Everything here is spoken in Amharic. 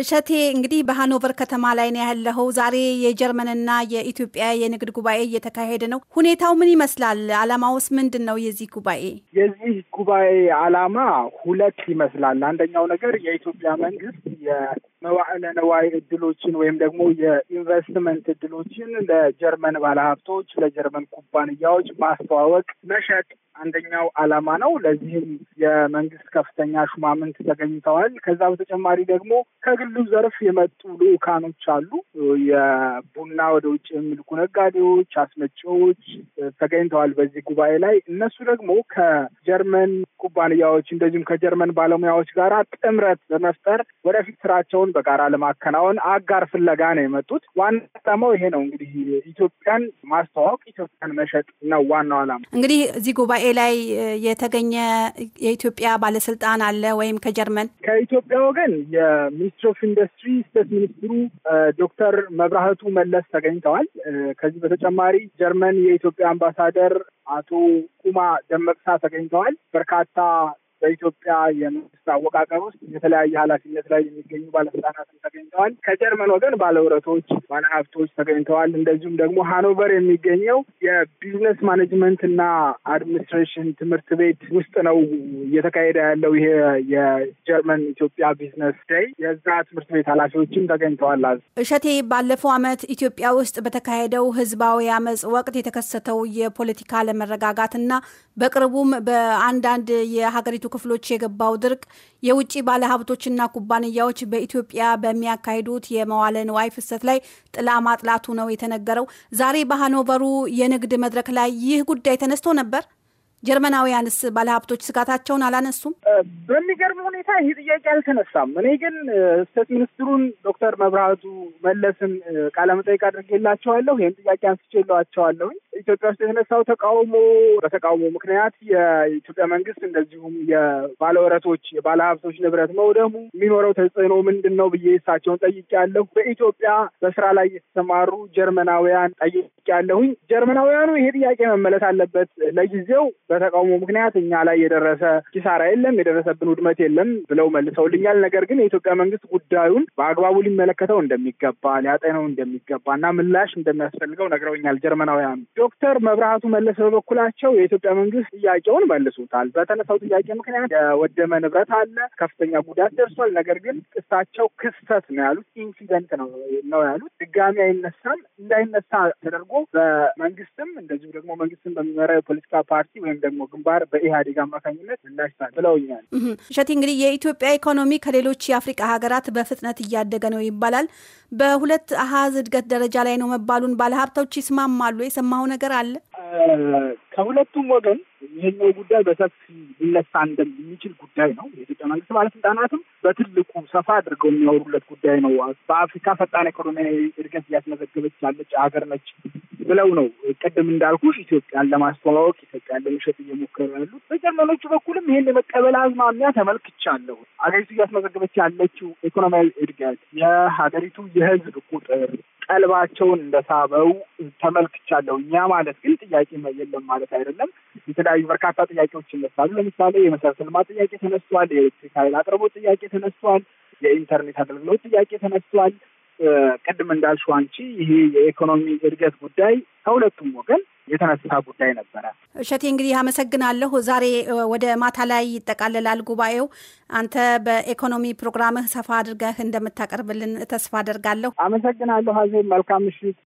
እሸቴ እንግዲህ በሀኖቨር ከተማ ላይ ነው ያለኸው። ዛሬ የጀርመንና የኢትዮጵያ የንግድ ጉባኤ እየተካሄደ ነው። ሁኔታው ምን ይመስላል? አላማውስ ምንድን ነው የዚህ ጉባኤ? የዚህ ጉባኤ አላማ ሁለት ይመስላል። አንደኛው ነገር የኢትዮጵያ መንግስት የመዋዕለ ነዋይ እድሎችን ወይም ደግሞ የኢንቨስትመንት እድሎችን ለጀርመን ባለሀብቶች፣ ለጀርመን ኩባንያዎች ማስተዋወቅ፣ መሸጥ አንደኛው ዓላማ ነው። ለዚህም የመንግስት ከፍተኛ ሹማምንት ተገኝተዋል። ከዛ በተጨማሪ ደግሞ ከግሉ ዘርፍ የመጡ ልዑካኖች አሉ። የቡና ወደ ውጭ የሚልኩ ነጋዴዎች፣ አስመጪዎች ተገኝተዋል በዚህ ጉባኤ ላይ። እነሱ ደግሞ ከጀርመን ኩባንያዎች እንደዚሁም ከጀርመን ባለሙያዎች ጋር ጥምረት በመፍጠር ወደፊት ስራቸውን በጋራ ለማከናወን አጋር ፍለጋ ነው የመጡት። ዋና ዓላማው ይሄ ነው እንግዲህ ኢትዮጵያን ማስተዋወቅ፣ ኢትዮጵያን መሸጥ ነው ዋናው ዓላማ እንግዲህ እዚህ ጉባኤ ጉባኤ ላይ የተገኘ የኢትዮጵያ ባለስልጣን አለ ወይም ከጀርመን ከኢትዮጵያ ወገን የሚኒስትር ኦፍ ኢንዱስትሪ ስቴት ሚኒስትሩ ዶክተር መብራህቱ መለስ ተገኝተዋል። ከዚህ በተጨማሪ ጀርመን የኢትዮጵያ አምባሳደር አቶ ኩማ ደመቅሳ ተገኝተዋል። በርካታ በኢትዮጵያ የመንግስት አወቃቀር ውስጥ የተለያየ ኃላፊነት ላይ የሚገኙ ባለስልጣናትም ተገኝተዋል። ከጀርመን ወገን ባለውረቶች፣ ባለሀብቶች ተገኝተዋል። እንደዚሁም ደግሞ ሃኖቨር የሚገኘው የቢዝነስ ማኔጅመንት እና አድሚኒስትሬሽን ትምህርት ቤት ውስጥ ነው እየተካሄደ ያለው ይሄ የጀርመን ኢትዮጵያ ቢዝነስ ዴይ። የዛ ትምህርት ቤት ኃላፊዎችም ተገኝተዋል። አዝ እሸቴ፣ ባለፈው አመት ኢትዮጵያ ውስጥ በተካሄደው ህዝባዊ አመፅ ወቅት የተከሰተው የፖለቲካ አለመረጋጋት እና በቅርቡም በአንዳንድ የሀገሪቱ ክፍሎች የገባው ድርቅ የውጭ ባለሀብቶችና ኩባንያዎች በኢትዮጵያ በሚያካሂዱት የመዋለ ንዋይ ፍሰት ላይ ጥላ ማጥላቱ ነው የተነገረው። ዛሬ በሃኖቨሩ የንግድ መድረክ ላይ ይህ ጉዳይ ተነስቶ ነበር። ጀርመናውያንስ ባለሀብቶች ስጋታቸውን አላነሱም? በሚገርም ሁኔታ ይህ ጥያቄ አልተነሳም። እኔ ግን ስቴት ሚኒስትሩን ዶክተር መብራቱ መለስን ቃለመጠይቅ አድርጌላቸዋለሁ። ይህን ጥያቄ ለዋቸዋለሁኝ ኢትዮጵያ ውስጥ የተነሳው ተቃውሞ በተቃውሞ ምክንያት የኢትዮጵያ መንግስት እንደዚሁም የባለወረቶች የባለሀብቶች ንብረት መውደሙ የሚኖረው ተጽዕኖ ምንድን ነው ብዬ እሳቸውን ጠይቄያለሁ። በኢትዮጵያ በስራ ላይ የተሰማሩ ጀርመናውያን ጠይቄያለሁኝ። ጀርመናውያኑ ይሄ ጥያቄ መመለስ አለበት። ለጊዜው በተቃውሞ ምክንያት እኛ ላይ የደረሰ ኪሳራ የለም፣ የደረሰብን ውድመት የለም ብለው መልሰውልኛል። ነገር ግን የኢትዮጵያ መንግስት ጉዳዩን በአግባቡ ሊመለከተው እንደሚገባ ሊያጤነው እንደሚገባ እና ምላሽ እንደሚያስፈልገው ነግረውኛል ጀርመናውያኑ። ዶክተር መብራቱ መለስ በበኩላቸው የኢትዮጵያ መንግስት ጥያቄውን መልሶታል። በተነሳው ጥያቄ ምክንያት የወደመ ንብረት አለ፣ ከፍተኛ ጉዳት ደርሷል። ነገር ግን ቅሳቸው ክስተት ነው ያሉት፣ ኢንሲደንት ነው ነው ያሉት። ድጋሚ አይነሳም። እንዳይነሳ ተደርጎ በመንግስትም እንደዚሁ ደግሞ መንግስትን በሚመራው የፖለቲካ ፓርቲ ወይም ደግሞ ግንባር በኢህአዴግ አማካኝነት ምላሽታል ብለውኛል። እሸቴ፣ እንግዲህ የኢትዮጵያ ኢኮኖሚ ከሌሎች የአፍሪቃ ሀገራት በፍጥነት እያደገ ነው ይባላል። በሁለት አሀዝ እድገት ደረጃ ላይ ነው መባሉን ባለሀብቶች ይስማማሉ? የሰማሁን ነገር አለ? ከሁለቱም ወገን ይህኛው ጉዳይ በሰፊ ሊነሳ እንደሚችል ጉዳይ ነው። የኢትዮጵያ መንግስት ባለስልጣናትም በትልቁ ሰፋ አድርገው የሚያወሩለት ጉዳይ ነው። በአፍሪካ ፈጣን ኢኮኖሚያዊ እድገት እያስመዘገበች ያለች ሀገር ነች ብለው ነው። ቅድም እንዳልኩሽ ኢትዮጵያን ለማስተዋወቅ ኢትዮጵያን ለመሸጥ እየሞከሩ ያሉት። በጀርመኖቹ በኩልም ይህን የመቀበል አዝማሚያ ተመልክቻለሁ። አገሪቱ እያስመዘገበች ያለችው ኢኮኖሚያዊ እድገት፣ የሀገሪቱ የህዝብ ቁጥር ቀልባቸውን እንደሳበው ተመልክቻለሁ። እኛ ማለት ግን ጥያቄ የለም ማለት አይደለም። የተለያዩ በርካታ ጥያቄዎች ይነሳሉ። ለምሳሌ የመሰረተ ልማት ጥያቄ ተነስቷል። የኤሌክትሪክ ኃይል አቅርቦት ጥያቄ ተነስቷል። የኢንተርኔት አገልግሎት ጥያቄ ተነስቷል። ቅድም እንዳልሽው አንቺ ይሄ የኢኮኖሚ እድገት ጉዳይ ከሁለቱም ወገን የተነሳ ጉዳይ ነበረ። እሸቴ እንግዲህ አመሰግናለሁ። ዛሬ ወደ ማታ ላይ ይጠቃልላል ጉባኤው። አንተ በኢኮኖሚ ፕሮግራምህ ሰፋ አድርገህ እንደምታቀርብልን ተስፋ አደርጋለሁ። አመሰግናለሁ። አዜብ መልካም ምሽት።